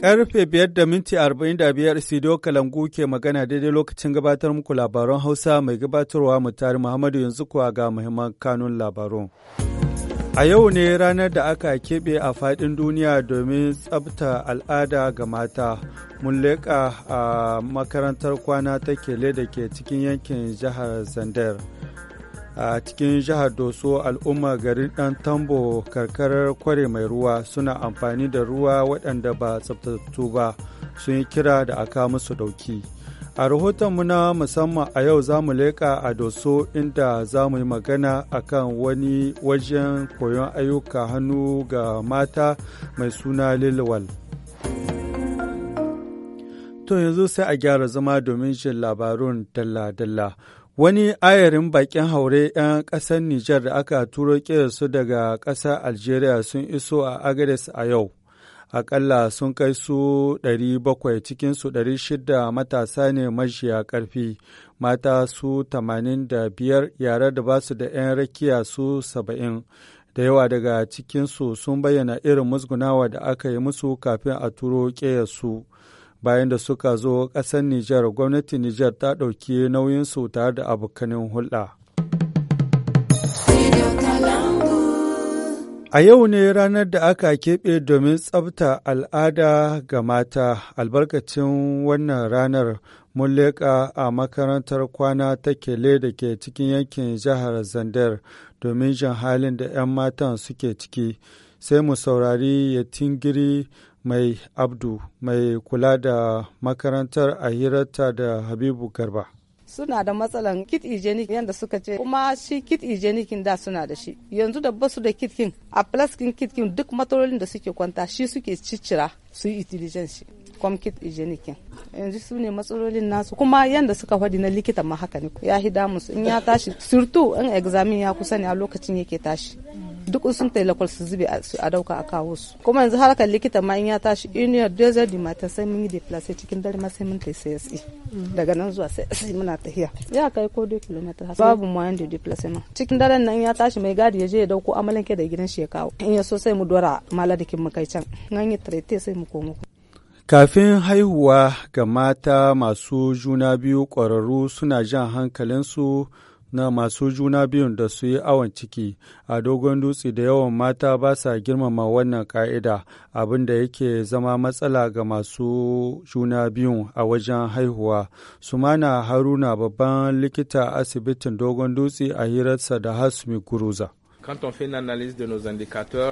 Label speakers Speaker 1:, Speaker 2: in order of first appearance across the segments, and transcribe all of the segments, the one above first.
Speaker 1: Karfe biyar da minti arba'in da biyar Sido Kalangu ke magana daidai lokacin gabatar muku labaran Hausa mai gabatarwa mutari Muhammadu yanzu kuwa ga muhimman kanun labarun. A yau ne ranar da aka keɓe a faɗin duniya domin tsabta al'ada ga mata. Mun leƙa a makarantar kwana ta kele da ke cikin yankin jihar Zandar. a cikin jihar doso al'umma garin dan tambo karkarar kware mai ruwa suna amfani da ruwa waɗanda ba tsabtattu ba sun yi kira da aka musu ɗauki a rahotonmu na musamman a yau za mu leƙa a doso inda za mu yi magana akan wani wajen koyon ayyuka hannu ga mata mai suna lilwal to yanzu sai a gyara zama domin jin labarun dalla-dalla Wani ayarin bakin haure 'yan ƙasar Nijar da aka turo su daga ƙasar Algeria sun iso a Agades a yau. akalla sun kai su 700 cikinsu 600 matasa ne majiya ƙarfi, mata su 85 yare da basu da 'yan rakiya su 70. da yawa daga cikinsu sun bayyana irin musgunawa da aka yi musu kafin a turo su. bayan da suka zo ƙasar Nijar gwamnatin Nijar ta ɗauki nauyinsu tare da abokanin hulɗa. A yau ne ranar da aka keɓe domin tsabta al'ada ga mata, albarkacin wannan ranar mun leƙa a makarantar kwana ta Kele da ke cikin yankin jihar Zandar domin jin halin da ‘yan matan suke ciki, sai mu saurari ya tingiri mai abdu mai kula da makarantar a hirarta da habibu garba
Speaker 2: suna da matsalan kit hygienic yadda suka ce kuma shi kit hygienic da suna da shi yanzu da basu da kitkin a plaskin kitkin duk matsalolin da suke kwanta shi suke ciccira su yi intelligence shi com kit hygienic yanzu su ne matsalolin nasu kuma yadda suka faɗi na likita ma haka ne ya hida musu in ya tashi surtu in examin ya kusa ne a lokacin yake tashi duk sun ta lakwal su zube a dauka a kawo su kuma yanzu harkar likita ma in ya tashi in ya dozar di mata sai mun yi deplace cikin dare ma sai mun ta sai e. mm. daga nan zuwa sai e muna tafiya ya kai ko 2 km babu mu yanda deplace ma cikin dare nan ya tashi mai gadi ya je ya dauko amalan amalanke da gidan shi ya kawo in ya so sai mu dora maladikin mu kai can nan ya traite sai mu komo
Speaker 1: Kafin haihuwa ga mata masu juna biyu kwararru suna jan hankalinsu na masu juna biyun da su yi awon ciki a dogon dutse da yawan mata ba sa girmama wannan ka'ida abin da yake zama matsala ga masu juna biyun a wajen haihuwa su sumana haruna babban likita asibitin dogon dutse a hirarsa da hasmi guruza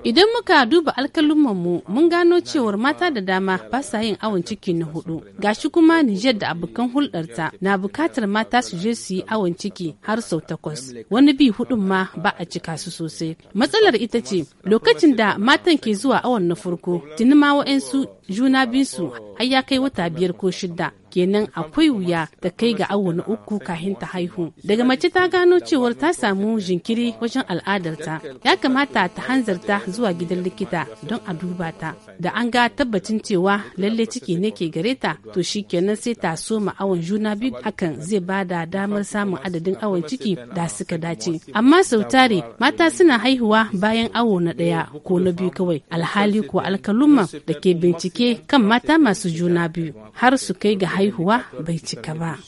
Speaker 2: Idan muka duba alkalummanmu mun gano cewar mata da dama ba sa yin awon ciki na hudu. shi kuma Nijar da abokan hulɗarta na bukatar mata su je su yi awon ciki har sau takwas. Wani bi hudun ma ba a cika su sosai. Matsalar ita ce lokacin da matan ke zuwa awon na farko tuni ma wa'ansu juna su har ya kai wata biyar ko shidda. kenan akwai wuya ta kai ga awo na uku kafin ta haihu daga mace ta gano cewar ta samu jinkiri wajen al'adarta ya kamata ta hanzarta zuwa gidan likita don a duba ta da an ga tabbacin cewa lalle ciki ne ke gare ta to kenan sai ta soma awon juna biyu hakan zai ba da damar samun adadin awon ciki da suka dace amma sau tare mata suna haihuwa bayan awo na ɗaya ko na biyu kawai alhali ko alkaluma da ke bincike kan mata masu juna biyu har su kai ga haihuwa bai cika ba.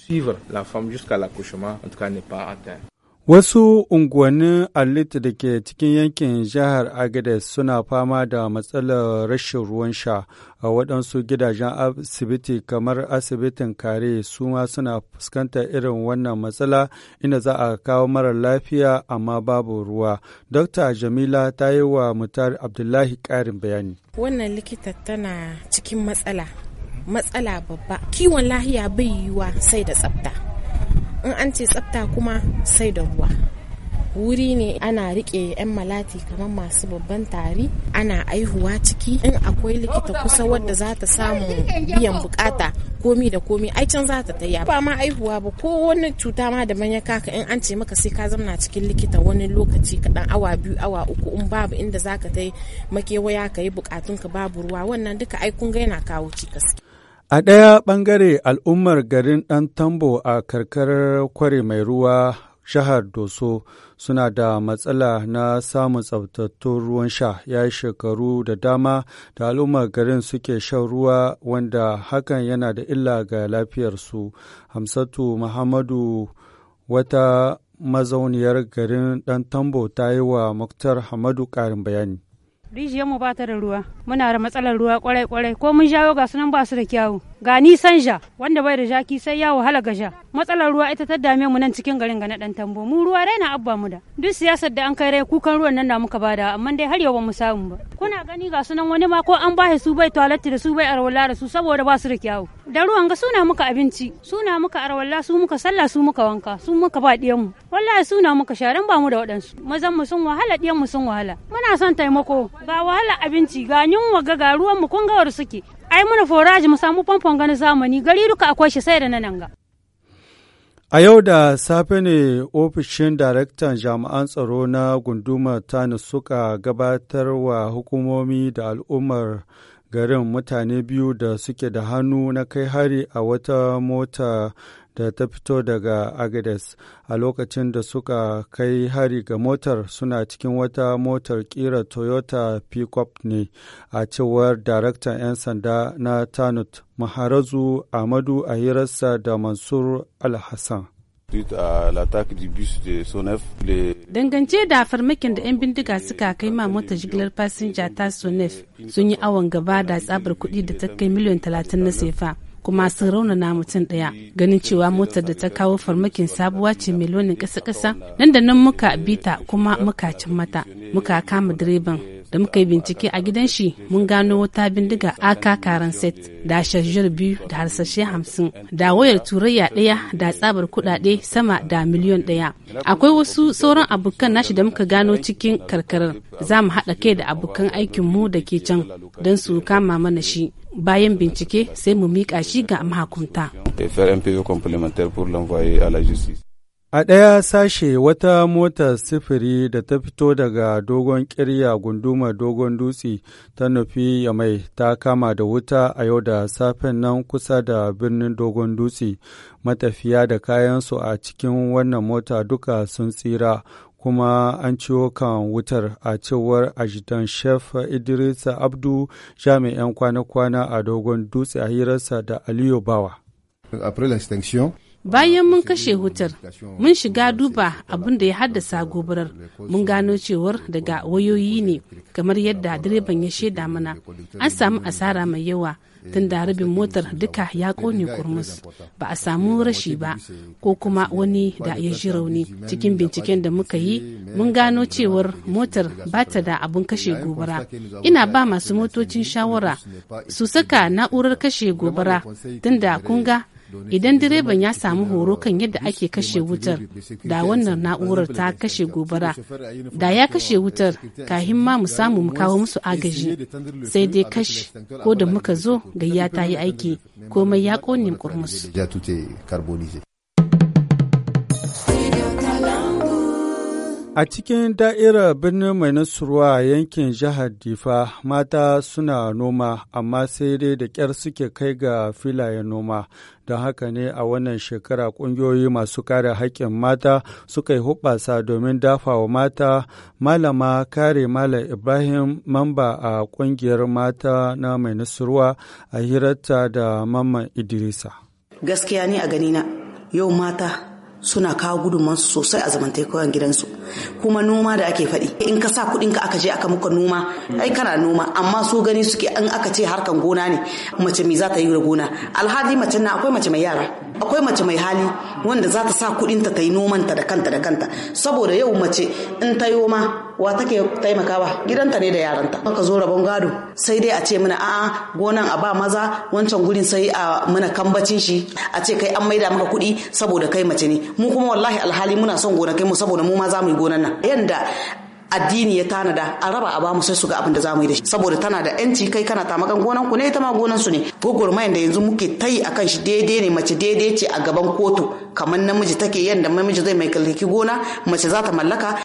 Speaker 1: Wasu unguwannin Alit da ke cikin yankin jihar Agadez suna fama da matsalar rashin ruwan sha a waɗansu gidajen asibiti kamar asibitin kare su ma suna fuskantar irin wannan matsala inda za a kawo mara lafiya amma babu ruwa. Dokta Jamila ta yi wa mutar Abdullahi ƙarin bayani.
Speaker 3: Wannan likita tana cikin matsala matsala babba kiwon lahiya bai yiwuwa sai da tsafta in an ce tsafta kuma sai da ruwa wuri ne ana rike 'yan malati kamar masu babban tari ana aihuwa ciki in akwai likita kusa wadda za ta samu biyan bukata komi da komi ai can za ta taya ba ma aihuwa ba ko wani cuta ma da manya kaka in an ce maka sai ka zamna cikin likita wani lokaci kaɗan awa biyu awa uku in babu inda za ka tai makewaya ka yi bukatunka babu ruwa wannan duka ai kun ga yana kawo cikas
Speaker 1: A ɗaya ɓangare al'ummar garin ɗan tambo a karkarar kware mai ruwa jihar Doso suna da matsala na samun tsabtattun ruwan sha ya yi shekaru da dama da al'ummar garin suke shan ruwa wanda hakan yana da illa ga lafiyarsu. Hamsatu Muhammadu wata mazauniyar garin ɗan tambo ta yi wa Muktar Hamadu ƙarin bayani.
Speaker 2: rijiyar mu ba ta da ruwa muna da matsalar ruwa kwarai kwarai ko mun jawo ga sunan ba su da kyawu ga nisan ja wanda bai da jaki sai ya wahala ga ja matsalar ruwa ita ta dame mu nan cikin garin ga na dan tambo mu ruwa raina abba mu da duk siyasar da an kai rai kukan ruwan nan da muka bada amma dai har yau ba mu samu ba kuna gani ga sunan wani ma ko an bahe su bai toilet da su bai arwala da su saboda ba su da kyawu da ruwan ga suna muka abinci suna muka arwala su muka sallah su muka wanka su muka ba diyan mu wallahi suna muka sharan ba mu da waɗansu mazan mu sun wahala diyan mu sun wahala muna son taimako ga wahala abinci ga yunwa ga ruwan mu kun suke ai mana foraji mu samu famfon ganin zamani gari duka akwai shi sai da nan ga.
Speaker 1: A yau da safe ne ofishin daraktan jami'an tsaro na gundumar Tani suka gabatar wa hukumomi da al'ummar garin mutane biyu da suke da hannu na kai hari a wata mota da ta fito daga Agades a lokacin da suka kai hari ga motar suna cikin wata motar kira Toyota pickup ne a cewar daraktan 'yan sanda na Tanut Maharazu amadu a hirarsa da Mansur alhassan
Speaker 2: Dangance da farmakin da 'yan bindiga suka kai ma mota jigilar fasinja ta Sonef sun yi awon gaba da tsabar kuɗi da ta kai miliyan 30 na sefa. kuma sun raunana mutum ɗaya ganin cewa motar da ta kawo farmakin sabuwa ce mai launin ƙasa-ƙasa nan da nan muka bita kuma muka cin mata muka kama direban da muka yi bincike a gidan shi mun gano wata bindiga aka karan set da shajjar biyu da harsashe hamsin da wayar turayya ɗaya da tsabar kudade sama da miliyon ɗaya akwai wasu sauran abokan nashi da muka gano cikin karkarar za mu haɗa kai da abokan aikin mu da ke can don su kama mana shi bayan bincike sai mu miƙa shi ga mahakunta.
Speaker 1: A ɗaya sashe wata mota sifiri da ta fito daga dogon ƙirya gundumar dogon dutse ta nufi yamai ta kama da wuta a yau da safen nan kusa da birnin dogon dutse. Matafiya da kayansu a cikin wannan mota duka sun tsira kuma an ciwo kan wutar a cewar ajidan chef Idrisa Abdu jami'an kwana-kwana a dogon dutse a hirarsa da Aliyu Bawa.
Speaker 2: bayan mun kashe wutar mun shiga duba abin da ya haddasa gobarar mun gano cewar daga wayoyi ne kamar yadda direban ya shaida mana an samu asara mai yawa tun da rabin motar duka ya kone kurmus ba a samu rashi ba ko kuma wani da ya ji rauni cikin binciken da muka yi mun gano cewar motar ba ta da abun kashe gobara ina ba masu motocin shawara su saka na'urar kashe gobara tun da kunga Idan direban ya samu horo kan yadda ake kashe wutar da wannan na'urar ta kashe gobara da ya kashe wutar kahin ma mu samu mu kawo musu agaji sai dai kashi ko da muka zo gayya ta yi aiki komai ya ƙone kurmus.
Speaker 1: A cikin da'irar birnin mai nasarwa yankin jihar Difa mata suna noma amma sai dai da ƙyar suke kai ga filayen noma. Don haka ne a wannan shekara ƙungiyoyi masu kare haƙƙin mata suka yi hubasa domin dafa wa mata malama kare mala Ibrahim mamba a ƙungiyar mata na mai nasarwa a hirarta da Mamman Idrisa.
Speaker 2: Gaskiya ni a ganina yau mata suna kawo gudunmansu sosai a zamantakewar gidansu kuma noma da ake faɗi in ka sa kuɗin ka aka je aka muka noma ai kana noma amma su gani suke an aka ce harkan gona ne mace me za ta yi da gona alhali mace na akwai mace mai yara akwai mace mai hali wanda za ta sa kuɗin ta ta yi noman ta da kanta da kanta saboda yau mace in ta yoma wa take taimakawa gidanta ne da yaranta aka zo rabon gado sai dai a ce mana a'a gonan a ba maza wancan gurin sai a mana kambacin shi a ce kai an maida maka kuɗi saboda kai mace ne mu kuma wallahi alhali muna son kai mu saboda mu ma za mu yi gonan nan yanda addini ya tanada a raba a bamu sai su ga abin da za mu yi da shi saboda tana da yanci kai kana ta makan gonan ku ne ita ma gonan su ne mai da yanzu muke tayi akan shi daidai ne mace daidai ce a gaban kotu kamar namiji take yanda namiji zai mai kalliki gona mace za ta mallaka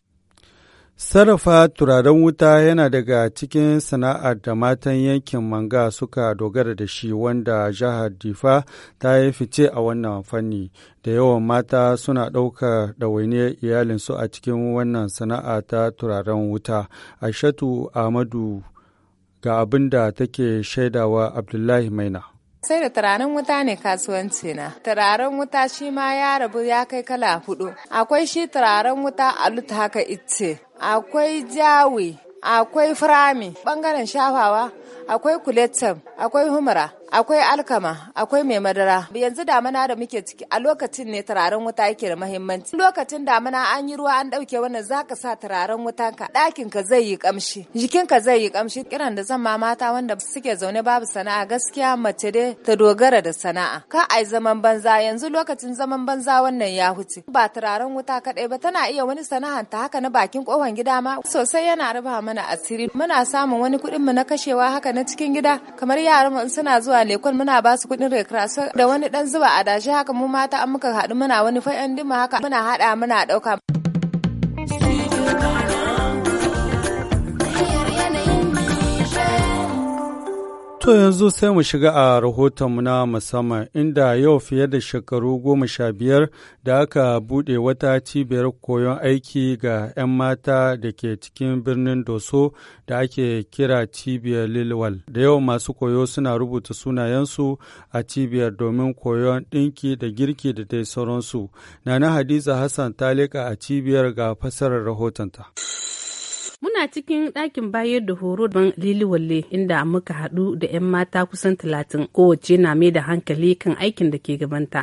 Speaker 1: Sarrafa turaren wuta yana daga cikin sana'ar da matan yankin Manga suka dogara da shi wanda jihar Difa ta yi fice a wannan fanni. Da yawan mata suna ɗaukar ɗawainiyar iyalinsu a cikin wannan sana'a ta turaren wuta. Aishatu Ahmadu ga abin da take shaidawa Abdullahi Maina.
Speaker 2: sai da turaren wuta ne kasuwanci na turaren wuta shi ma ya rabu ya kai kala hudu akwai shi turaren wuta a haka itce akwai jawi akwai firami bangaren shafawa akwai kuletam akwai humura akwai alkama akwai mai madara yanzu damana da muke ciki a lokacin ne turaren wuta yake da mahimmanci lokacin damana an yi ruwa an dauke wannan zaka sa turaren wuta ka ɗakin ka zai yi kamshi jikin ka zai yi kamshi kiran da zan ma mata wanda suke zaune babu sana'a gaskiya mace dai ta dogara da sana'a ka ai zaman banza yanzu lokacin zaman banza wannan ya huce ba turaren wuta kadai ba tana iya wani sana'an ta haka na bakin kofan gida ma sosai yana raba mana asiri muna samun wani kuɗin mu na kashewa haka na cikin gida kamar yaran mu suna zuwa lekol muna ba su kuɗin recreation da wani dan zuba a dashi haka mu mata an muka haɗu muna wani fa'in dima haka muna haɗa muna ɗauka.
Speaker 1: To yanzu sai mu shiga a rahotonmu na musamman inda yau fiye da shekaru goma sha biyar da aka buɗe wata cibiyar koyon aiki ga 'yan mata da ke cikin birnin Doso da ake kira cibiyar Lilwal. Da yau masu koyo suna rubuta sunayensu a cibiyar domin koyon ɗinki da girki da dai sauransu. Nana Hadiza Hassan ta leƙa a cibiyar ga fasarar rahotonta.
Speaker 2: Muna cikin ɗakin bayar da horo ban walle inda muka haɗu da 'yan mata kusan talatin kowace na mai da hankali kan aikin da ke gabanta.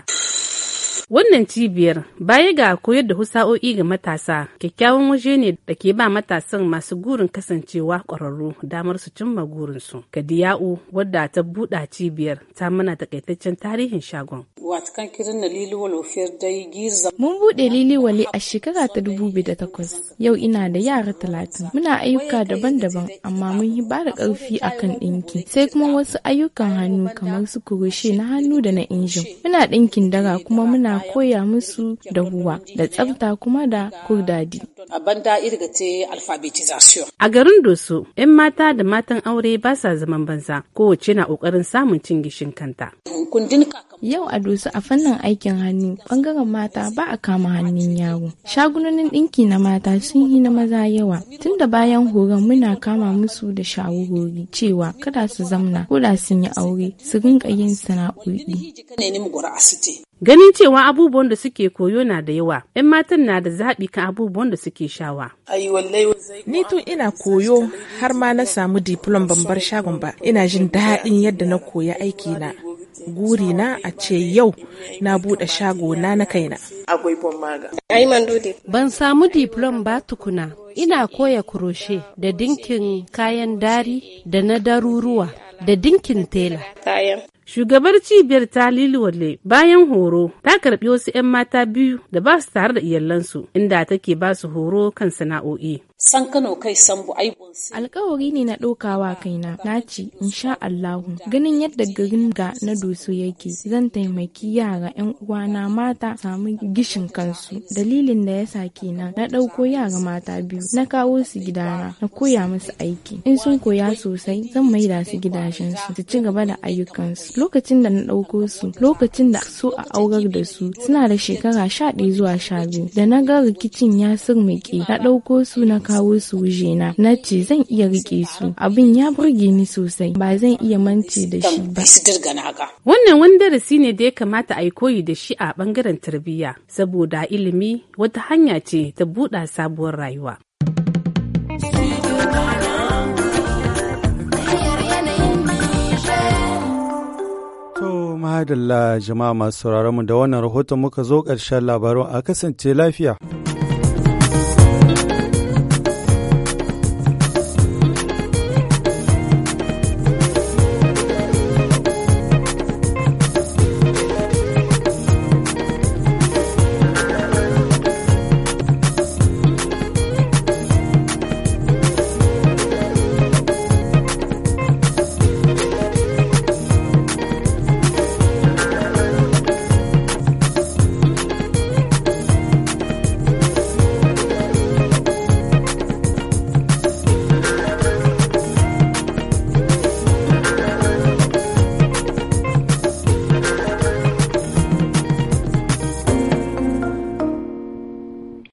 Speaker 2: Wannan cibiyar baya ga koyar da husa'o'i ga matasa kyakkyawan waje ne da ke ba matasan masu gurin kasancewa ƙwararru damar su cimma gurinsu. Kadiya'u wadda ta buɗa cibiyar ta mana takaitaccen tarihin shagon.
Speaker 3: Mun buɗe liliwali a shekara ta dubu da takwas yau ina da yara talatin muna ayyuka daban-daban amma mun yi ba da ƙarfi kan ɗinki sai kuma wasu ayyukan hannu kamar su kurushe na hannu da na injin. Muna ɗinkin dara kuma muna koya musu dahuwa da tsafta kuma da kudadi. A garin Doso, 'yan mata
Speaker 2: da matan aure ba sa zaman banza, kowace na ƙoƙarin samun cin gishin kanta.
Speaker 3: Yau a Doso a fannin aikin hannu, ɓangaren mata ba a kama hannun yaro. shagunanin ɗinki na mata sun yi na maza yawa, tun da bayan horon muna kama musu da shawarwari cewa kada su zamna ko da sun yi aure su rinka yin sana'o'i.
Speaker 2: Ganin cewa abubuwan da suke koyo na da yawa, 'yan matan na da zaɓi kan abubuwan da suke shawa. Ni tun ina koyo har ma na samu
Speaker 3: diplom ban bar shagon ba, ina jin daɗin yadda na koya aiki na. guri na a ce yau na buɗe shago na na kaina.
Speaker 2: Ban samu diplom ba tukuna, ina koya kuroshe da dinkin kayan dari da na daruruwa da dinkin tela. Shugabar cibiyar ta liliwalle bayan horo ta karbi wasu 'yan mata biyu da ba su tare da iyalansu inda take ba su horo kan sana'o'i.
Speaker 3: san kano kai san bu ai alkawari ne na ɗaukawa kaina na ce insha Allahu ganin yadda garin ga na doso yake zan taimaki yara yan uwana mata samu gishin kansu dalilin da ya sa kenan na ɗauko yara mata biyu na kawo su gidana na koya musu aiki in sun koya sosai zan maida su gidajen su ci gaba da ayyukan su. lokacin da na ɗauko su lokacin da su a aurar da su suna da shekara sha zuwa sha da na ga rikicin ya sirmike na ɗauko su na kawo su na ce zan iya rike su abin ya burge ni sosai ba zan iya mance da shi ba wannan wani darasi
Speaker 2: ne da ya kamata a yi koyi da shi a bangaren tarbiyya saboda ilimi wata hanya ce ta buɗa sabuwar rayuwa
Speaker 1: madalla jama'a masu sauraron mu da wannan rahoton muka zo ƙarshen labarun a kasance lafiya.